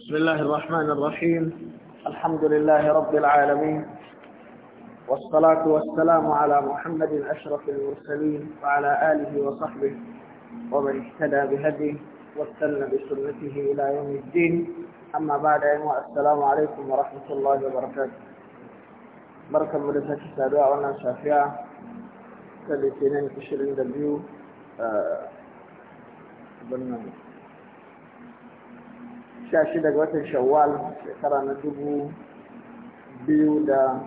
بسم الله الرحمن الرحيم الحمد لله رب العالمين والصلاة والسلام على محمد أشرف المرسلين وعلى آله وصحبه ومن اهتدى بهديه واستنى بسنته إلى يوم الدين أما بعد السلام عليكم ورحمة الله وبركاته بركة مدرسة السابعة وانا شافعة كالتنين كشرين دبيو آه Shashi daga watan shawwal shekara na dubu biyu da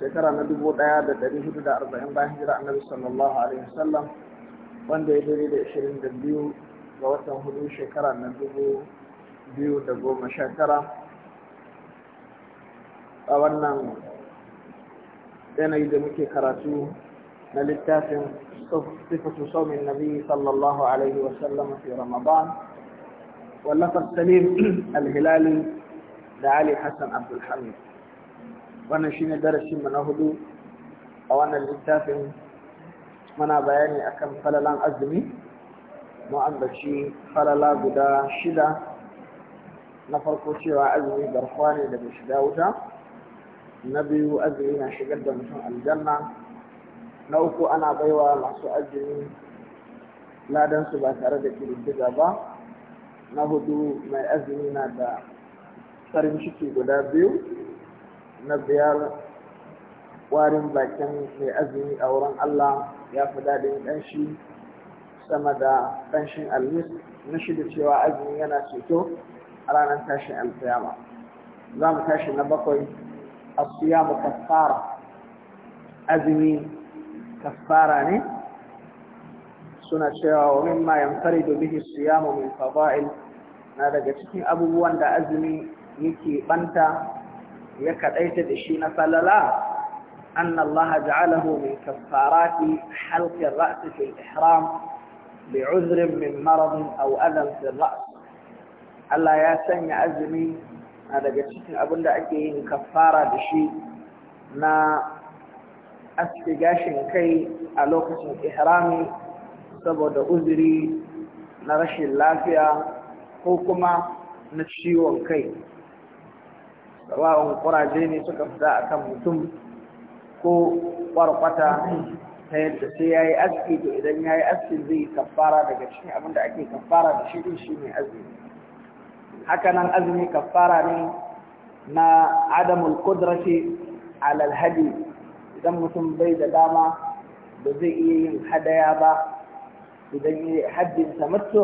shekara na dubu ɗaya da ɗari hudu da arba'in bayan hijira annabi sallallahu alaihi wasallam wanda ya dori da ashirin da biyu ga watan hudu shekara na dubu biyu da goma sha tara a wannan yanayi da muke karatu na littafin sifatu saumin nabi sallallahu alaihi wasallam fi ramadan wallafar salim alhilali da ali hassan abdulhamid wannan shine darasin mu na hudu a wannan littafin mana bayani akan falalan azumi mu falala guda shida na farko cewa azumi garkuwa ne daga shiga wuta na biyu azumi na shigar da mutum aljanna na uku ana baiwa masu azumi ladansu ba tare da kididdiga ba na hudu mai azumi na da farin ciki guda biyu na biyar warin bakin mai azumi a wurin Allah ya fi daɗin ɗanshi sama da ƙanshin almis na shida cewa azumi yana ceto a ranar tashin alfiyama za mu tashi na bakwai a suya mu kafara azumi kafara ne suna cewa wa mimma yanfaridu bihi siyamu min fada'il na daga cikin abubuwan da azumi yake banta ya kadaita da shi na salala أن الله جعله من كفارات حلق الرأس في الإحرام بعذر من مرض أو الم في الرأس ألا سني أزمي هذا أبو أبن دعكي كفارة بشي ما أسكي جاشن كي ألوكس الإحرام saboda uzuri na rashin lafiya ko kuma na ciwon kai sabawon kuraje ne suka fita a kan mutum ko kwarkwata ta yadda sai ya yi aski to idan ya yi aski zai kafara daga cikin abinda ake kafara da shi din shi ne azumi hakanan azumi kafara ne na adamul kudrati alal hadi idan mutum bai da dama ba zai iya yin hadaya ba idan yi haddin tamattu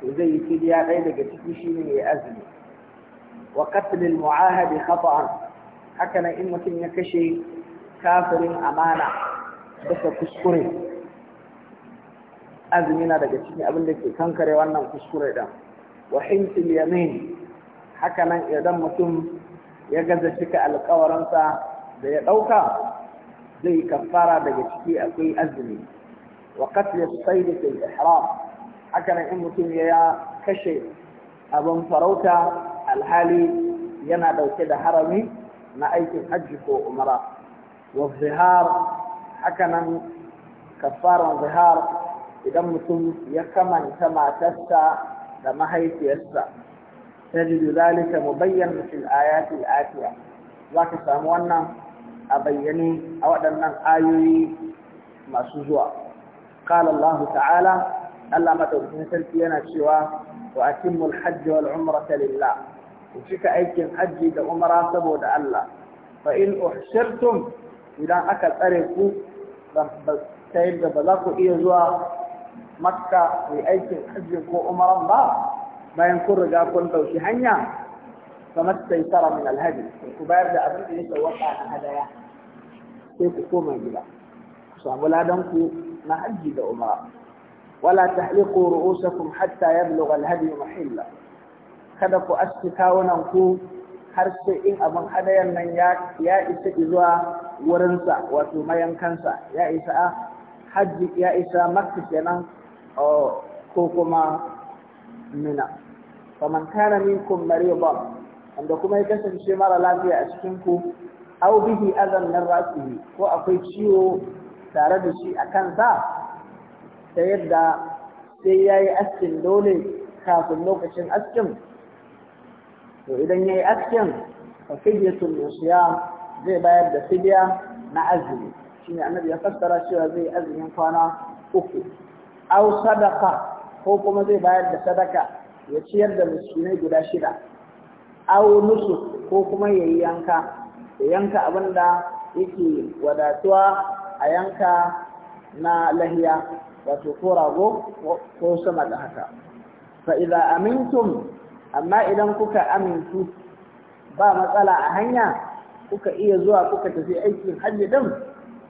to zai yi fidiya ɗaya daga ciki shi ne ya azumi wa qatlil mu'ahadi khata'an haka nan in mutum ya kashe kafirin amana bisa kuskure azumi na daga cikin abin da ke kankare wannan kuskure ɗin wa hintil yamin haka nan idan mutum ya gaza cika alkawarinsa da ya ɗauka zai kafara daga ciki akwai azumi wa qatl as-sayd fi al-ihram haka in mutum ya kashe abin farauta alhali yana dauke da harami na aikin hajji ko umara wa zihar haka nan kafaran zihar idan mutum ya kamanta matarsa da mahaifiyarsa tajidu zalika mubayyan fil ayati al-atiya zaka samu wannan a bayyane a waɗannan ayoyi masu zuwa قال الله تعالى ألا ما تبقين سلسينا شوى وأتم الحج والعمرة لله وشك أيكم حجي دا عمرة سبو دا الله فإن أحشرتم إذا أكل أريكو سيد بلقوا إيزوا مكة في أيكم حجي كو عمرة با ما ينكر رجاكم توشي هنيا فما استيسر من الهدي الكبار دا أبنك نسوى وقع هدايا سيكو كوما جدا سوى ولا دنكو na hajji da umara wala tahliqu ru'usakum hatta yablugha al-hadi mahilla kada ku aski kawunan ku har sai in abin hadayan nan ya isa zuwa wurinsa wato mayankansa ya isa ah, hajji ya isa makka kenan oh, ko kuma mina faman kana minkum maridan wanda kuma ya kasance mara lafiya a cikin ku aw bihi adan min ra'sihi ko akwai ciwo tare da shi a kansa ta yadda sai ya yi askin dole kafin lokacin askin to idan ya yi askin fa fidyatul usiyam zai bayar da fidya na azumi ne annabi ya fassara cewa zai azumin kwana uku Au sadaka ko kuma zai bayar da sadaka ya ciyar da miskinai guda shida Au nusu ko kuma ya yi yanka ya yanka abin da yake wadatuwa a yanka na lahiya wato ko rago ko sama da haka fa idza amintum amma idan kuka amintu ba matsala a hanya kuka iya zuwa kuka tafi aikin hajji din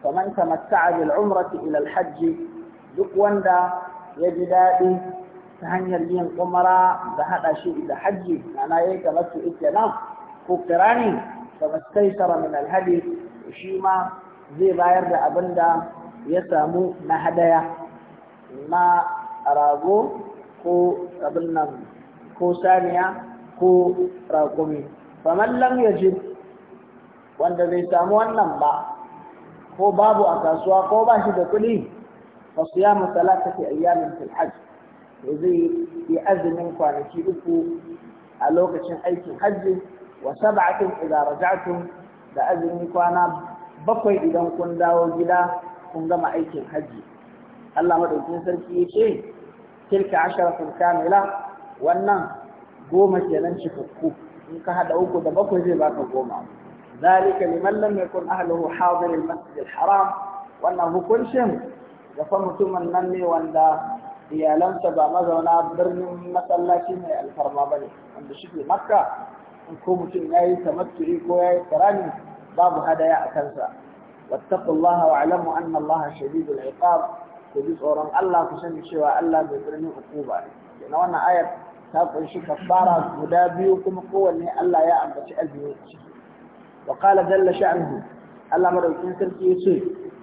faman tamatta'a bil umrati ila hajji. duk wanda ya ji daɗi ta hanyar yin umara da haɗa shi da hajji ana yayi kamar ita ikram ko kirani fa mastaysara min hadi shi ma zai bayar da abin da ya samu na hadaya na rago ko abin nan ko saniya ko raƙumi faman lam yajib wanda bai samu wannan ba ko babu a kasuwa ko ba shi da kuɗi fa siyamu salatati ayyamin fil hajj zai yi azumin kwanaki uku a lokacin aikin hajji wa sab'atin idza raja'tum da azumin kwana bakwai idan kun dawo gida kun gama aikin hajji. Allah madaukakin sarki ya ce tilka asharatun kamila wannan goma kenan cikakku in ka hada uku da bakwai zai baka goma zalika liman lam yakun ahluhu hadir al-masjid al-haram wannan hukuncin ga fa mutumin nan ne wanda iyalansa ba mazauna birnin masallaci mai alfarma bane wanda shi makka ko mutum ya yi tamatturi ko ya yi tsirani babu hadaya a kansa wattaqullaha wa'lamu anna allaha shadidul iqab ku ji tsoron Allah ku sani cewa Allah bai birnin hukuma ne na wannan ayar ta kunshi kafara guda biyu kuma kowanne Allah ya ambaci albiyu wa qala jalla sha'nuhu Allah madaukin sarki yace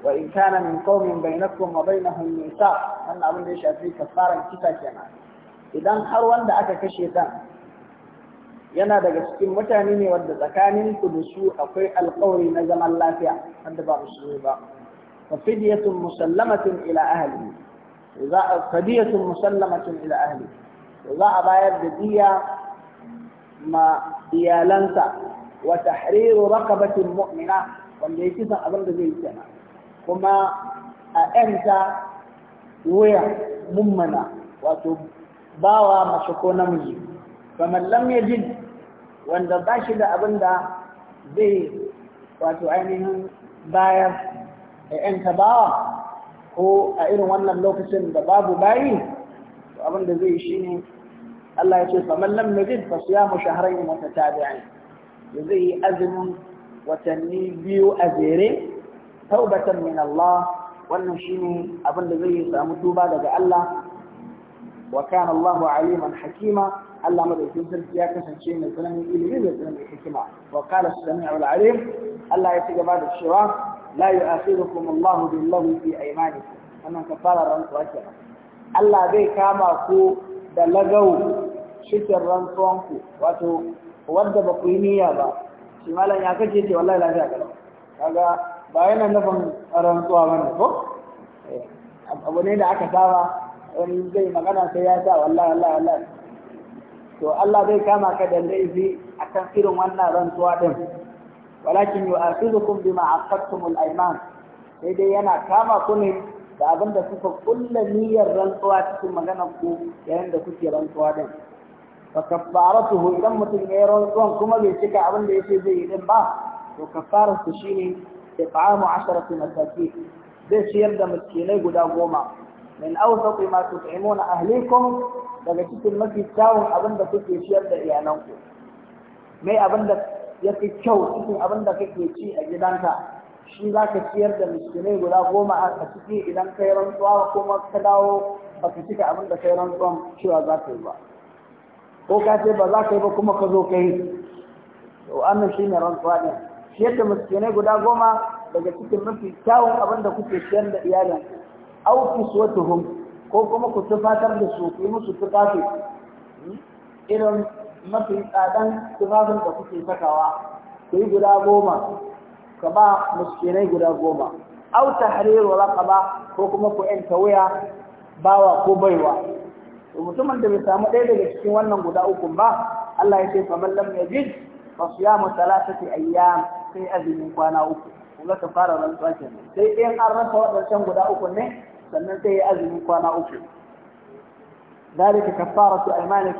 wa in kana min qaumin bainakum wa bainahum mithaq wannan abin da ya shafi kafaran kita kenan idan har wanda aka kashe dan yana daga cikin mutane ne wanda tsakanin ku da su akwai alƙawari na zaman lafiya wanda ba musulmi ba fa fidyatun musallamatin ila ahli za a fadiyatun musallamatin ila ahli za a bayar da diya ma iyalansa wa tahriru raqabatin mu'mina wanda yake san abin da zai yi kenan kuma a ƴanta wuya mummana wato bawa mace ko namiji faman lam yajid wanda ba shi da abin da zai wato ainihin bayar a ‘yan tabawa ko a irin wannan lokacin da babu bayi abin da zai shi ne Allah ya ce ba su yajid fa siyamu wata mutatabi'ain da zai yi azumin watanni biyu a zere taubatan min Allah wannan shine abin da zai samu tuba daga Allah wa kana Allahu aliman hakima Allah madaukin sarki ya kasance mai tsananin ilimi mai tsananin hikima wa qala sami'u al-alim Allah ya ci gaba da cewa la yu'akhirukum Allahu billahi fi aymanikum wannan kafara rantsuwa kenan Allah zai kama ku da lagau cikin ku. wato wanda ba ku yi niyya ba shi malam ya kace ce wallahi lafiya kalau kaga ba yana nufin rantsuwa bane ko eh, abu ne da aka saba wani zai magana sai ya sa wallahi wallahi wallahi to Allah zai kama ka da laifi akan irin wannan rantsuwa din walakin yu'akhidhukum bima aqadtum al-ayman sai dai yana kama ku ne da abinda da kuka kulla niyyar rantsuwa cikin maganar ku yayin da kuke rantsuwa din fa kaffaratuhu idan mutum ya rantsuwan kuma bai cika abin da yake zai yi din ba to kaffaratu shine ta'amu 10 masakin zai ciyar da miskinai guda goma min awsati ma tut'imuna ahlikum daga cikin mafi kyawun abin da kuke ciyar da iyalanku mai abin da ya fi kyau cikin abin da kake ci a gidanka shi za ka ciyar da miskinai guda goma a ciki idan ka yi rantsuwa kuma ka dawo ba ka cika abin da ka yi rantsuwan cewa za ka yi ba ko ka ce ba za ka yi ba kuma ka zo ka yi to wannan shi ne rantsuwa ne? ciyar da miskinai guda goma daga cikin mafi kyawun abin da kuke ciyar da iyalanku wata kiswatuhum ko kuma ku tufatar da su ku musu tufafi irin mafi tsadan tufafin da kuke sakawa ku yi guda goma ka ba miskinai guda goma aw tahriru raqaba ko kuma ku yanka wuya bawa ko baiwa to mutumin da bai samu ɗaya daga cikin wannan guda uku ba Allah ya ce fa man lam yajid fa siyamu thalathati ayyam sai azumin kwana uku kuma ka fara rantsuwa kenan sai in an rasa waɗancan guda uku ne sannan sai yi azumi kwana uku dalika kafaratu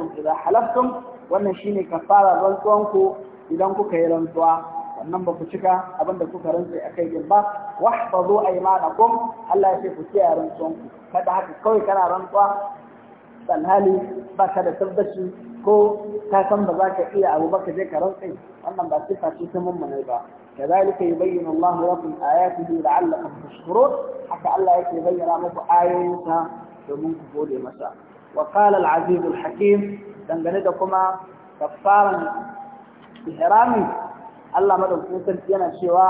su idza halartun. wannan shine kafara rantsuwan ku idan kuka yi rantsuwa sannan ba ku cika da kuka rantsa akai din ba wahfazu aymanakum Allah ya ce ku kiyaye rantsuwanku. ku kada haka kawai kana rantsuwa sanhali ba ka da tabbaci ko ka san ba za ka iya abu ba ka je ka rantse wannan ba sifa ce ta mummune ba كذلك يبين الله لكم آياته لعلكم تشكرون حتى الله يبين لكم آياتها domin ku gode masa wa qala al-aziz al-hakim dangane da kuma kafaran ihrami Allah madaukakin sarki yana cewa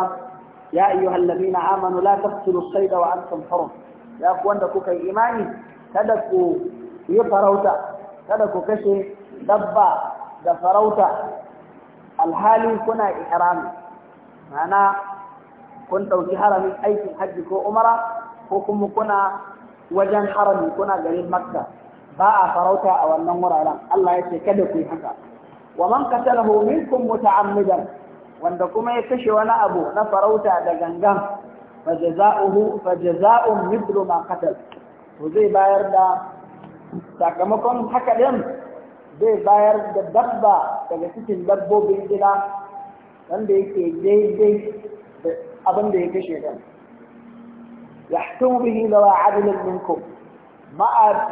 ya ayyuhal ladina amanu la taqtulu as-sayda wa antum hurum ya ku wanda kuka imani kada ku yi farauta kada ku kashe dabba da farauta alhali kuna ihrami ma'ana kun ɗauki haramin aikin hajji ko umara ko kuma kuna wajen harami kuna garin makka ba a farauta a wannan wuraren Allah ya ce kada ku yi haka wa man qatalahu minkum muta'ammidan wanda kuma ya kashe wani abu na farauta da gangan fajaza'uhu fajaza'un mithlu ma qatal to zai bayar da sakamakon haka din zai bayar da dabba daga cikin dabbobin gida wanda yake daidai da abin da ya kashe ɗan yahkumu bihi lawa adlan minkum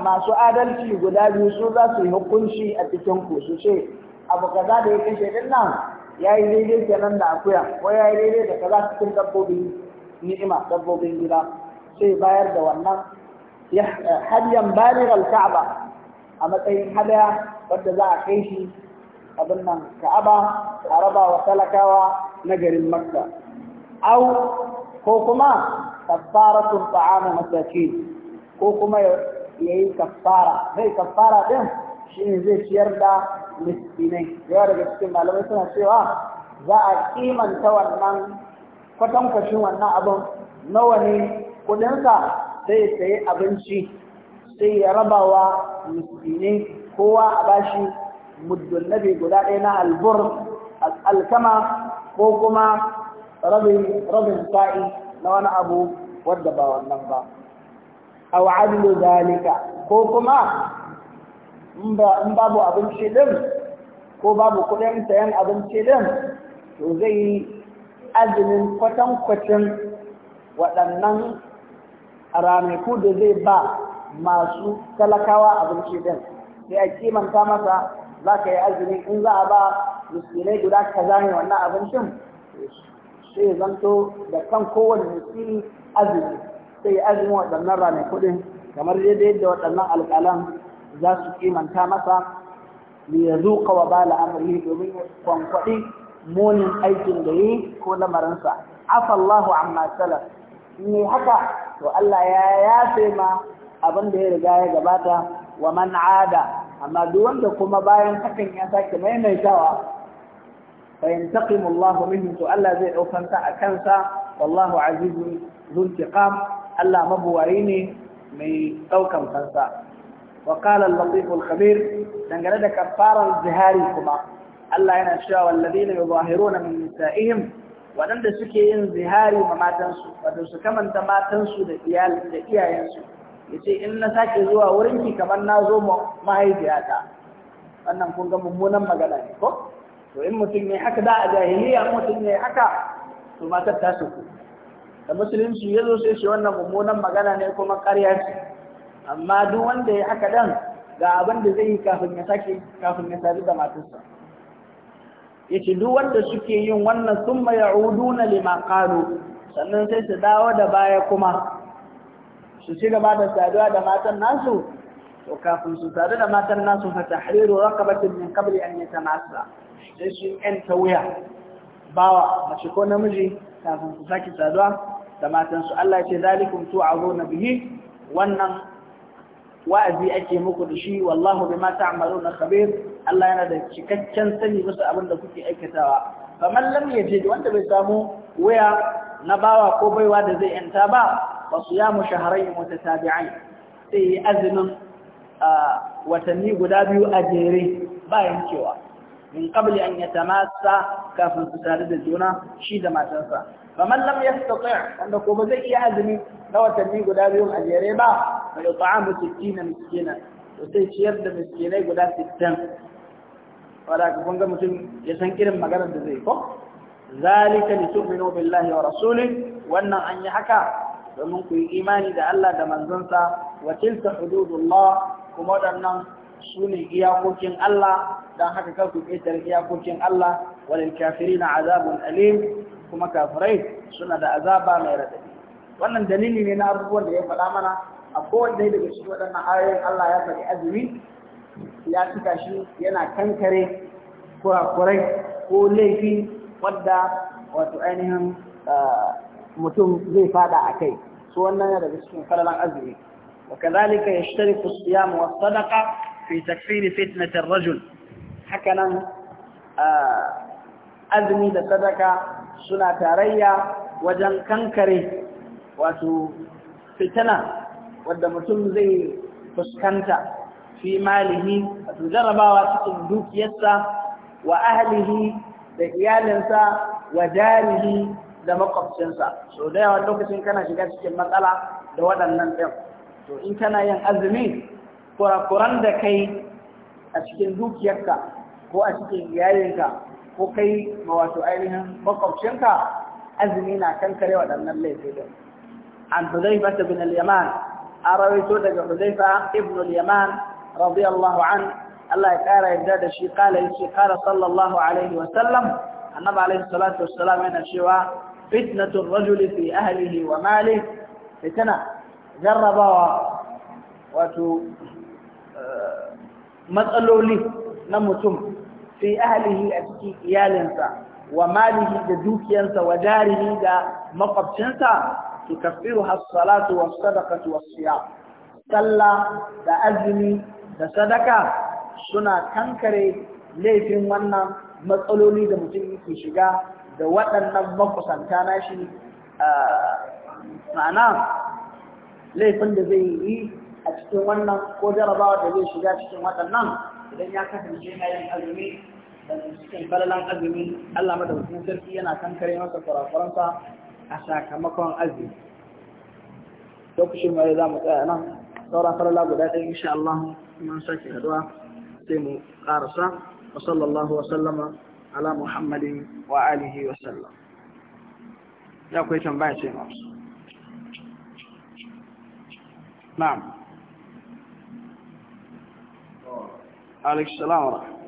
masu adalci guda biyu su za su yi hukunci a cikin ku su ce abu kaza da ya kashe ɗin nan ya yi daidai kenan da akuya ko ya yi daidai da kaza cikin dabbobin ni'ima dabbobin gida sai bayar da wannan eh, hadiyan balir al-ka'ba a matsayin hadaya wadda za a kai shi abin nan ka'aba a raba wa talakawa na garin makka au ko kuma kaffaratun ta'amu masaki ko kuma ya yi kaffara zai kaffara ɗin? shi ne zai ciyar da miskinai yawa daga cikin malamai suna cewa za a kimanta wannan kwatankwashin wannan abin nawa ne kudinsa sai sayi abinci sai ya rabawa wa kowa a bashi muddun nabi guda ɗaya na albur alkama ko kuma rabin sa'i na wani abu wadda ba wannan ba aw adlu zalika ko kuma in babu abinci din ko babu kuɗin sayan abinci din to zai yi azumin kwatankwacin waɗannan ranaku da zai ba masu talakawa abinci din sai a kimanta masa za ka yi azumi in za a ba miskinai guda kaza ne wannan abincin sai ya zanto da kan kowane miskini azumi sai ya azumi waɗannan ranaku din kamar yadda yadda waɗannan alƙalan za su kimanta masa li ya zuƙa wa bala amri domin kwankwaɗi munin aikin da yi ko lamarinsa afallahu amma salaf in haka to Allah ya yafe ma abin da ya riga ya gabata wa man ada amma duk wanda kuma bayan hakan ya sake maimaitawa fa yantaqimu Allahu minhu to Allah zai daukanta a kansa wallahu azizun dhul Allah mabuwayi ne mai daukan kansa wa qala al-latif al-khabir dangane da kafaran zihari kuma Allah yana cewa walladina yuzahiruna min nisa'ihim waɗanda suke yin zihari ma matansu wato su kamanta matansu da iyayensu yace in na sake zuwa wurin ki kamar na zo mahaifiyata wannan kun ga mummunan magana ne ko to in mutum ne haka da a jahiliya mutum ne haka to matar ta ku da musulunci ya zo sai shi wannan mummunan magana ne kuma ƙarya ce amma duk wanda ya haka dan ga abin da zai yi kafin ya sake kafin ya sadu da matarsa yace duk wanda suke yin wannan summa ya'uduna lima qalu sannan sai su dawo da baya kuma su ci gaba da saduwa da matan nasu to kafin su sadu da matan nasu fa tahriru raqabatin min qabli an yatamassa sai su yan wuya bawa mace ko namiji kafin su saki saduwa da matan su Allah ya ce zalikum tu'azuna bihi wannan wa'azi ake muku da shi wallahu bima ta'maluna khabir Allah yana da cikakken sani musu abin da kuke aikatawa kamar lam yajid wanda bai samu waya na bawa ko baiwa da zai yanta ba wa siyamu shahrayn mutatabi'ain sai azumin watanni guda biyu a jere bayan cewa min qabli an yatamassa kafin su sadu da juna shi da matarsa faman lam yastati' wanda ko ba zai iya azumi na watanni guda biyu a jere ba fa yut'amu sai ciyar da miskinai guda 60 wala ka mutum ya san irin maganar da zai ko zalika li billahi wa rasuli wannan an yi haka domin ku yi imani da Allah da manzonsa wa tilka hududullah kuma waɗannan su ne iyakokin Allah don haka kar ku ƙetar iyakokin Allah walil kafirina azabun alim kuma kafirai suna da azaba mai raɗaɗi wannan dalili ne na abubuwan da ya faɗa mana a kowanne daga cikin waɗannan ayoyin Allah ya faɗi azumi ya cika shi yana kankare kurakurai ko laifi wadda wato ainihin eh, mutum zai fada a kai su wannan yana daga cikin falalan azumi wa kazalika yashtariku as-siyam wa sadaqa fi takfir fitnat ar-rajul haka nan azumi da sadaka suna tarayya wajen kankare wato fitina wadda mutum zai fuskanta fi malihi wato jarabawa cikin dukiyarsa wa ahlihi da iyalinsa wa jarihi da makwabcinsa so da yawan lokacin kana shiga cikin matsala da waɗannan ɗin to in kana yin azumi kurakuran da kai a cikin dukiyarka ko a cikin iyalinka ko kai ma wato ainihin makwabcinka azumi na kankare waɗannan laifin ɗin an ta bin al-Yaman a rawaito daga Hudayfa ibn al-Yaman radiyallahu an Allah ya kara yadda da shi kala yake kala sallallahu alaihi wa sallam annabi alaihi salatu wassalam yana cewa fitnatu rajuli fi ahlihi wa malihi fitana jarrabawa wato eh, matsaloli na mutum fi ahlihi a cikin iyalinsa wa malihi da dukiyarsa wa jarihi da makwabcinsa su kafiru salatu was-sadaqatu was sallah da azumi da sadaka suna kankare laifin wannan matsaloli da mutum yake shiga da waɗannan makusanta nashi ma'ana laifin da zai yi a cikin wannan ko jarabawa da zai shiga cikin waɗannan idan ya kasance yana yin azumi cikin falalan azumi Allah madaukakin sarki yana kankare masa kurakuransa a sakamakon azumi lokacin mai za mu tsaya nan saura falala guda ɗaya insha Allah mun sake haduwa sai mu ƙarasa wa sallallahu wa sallama ala muhammadin wa alihi wa sallam ya kuwa tambaya ce masu na'am alaihi salam wa rahmatullahi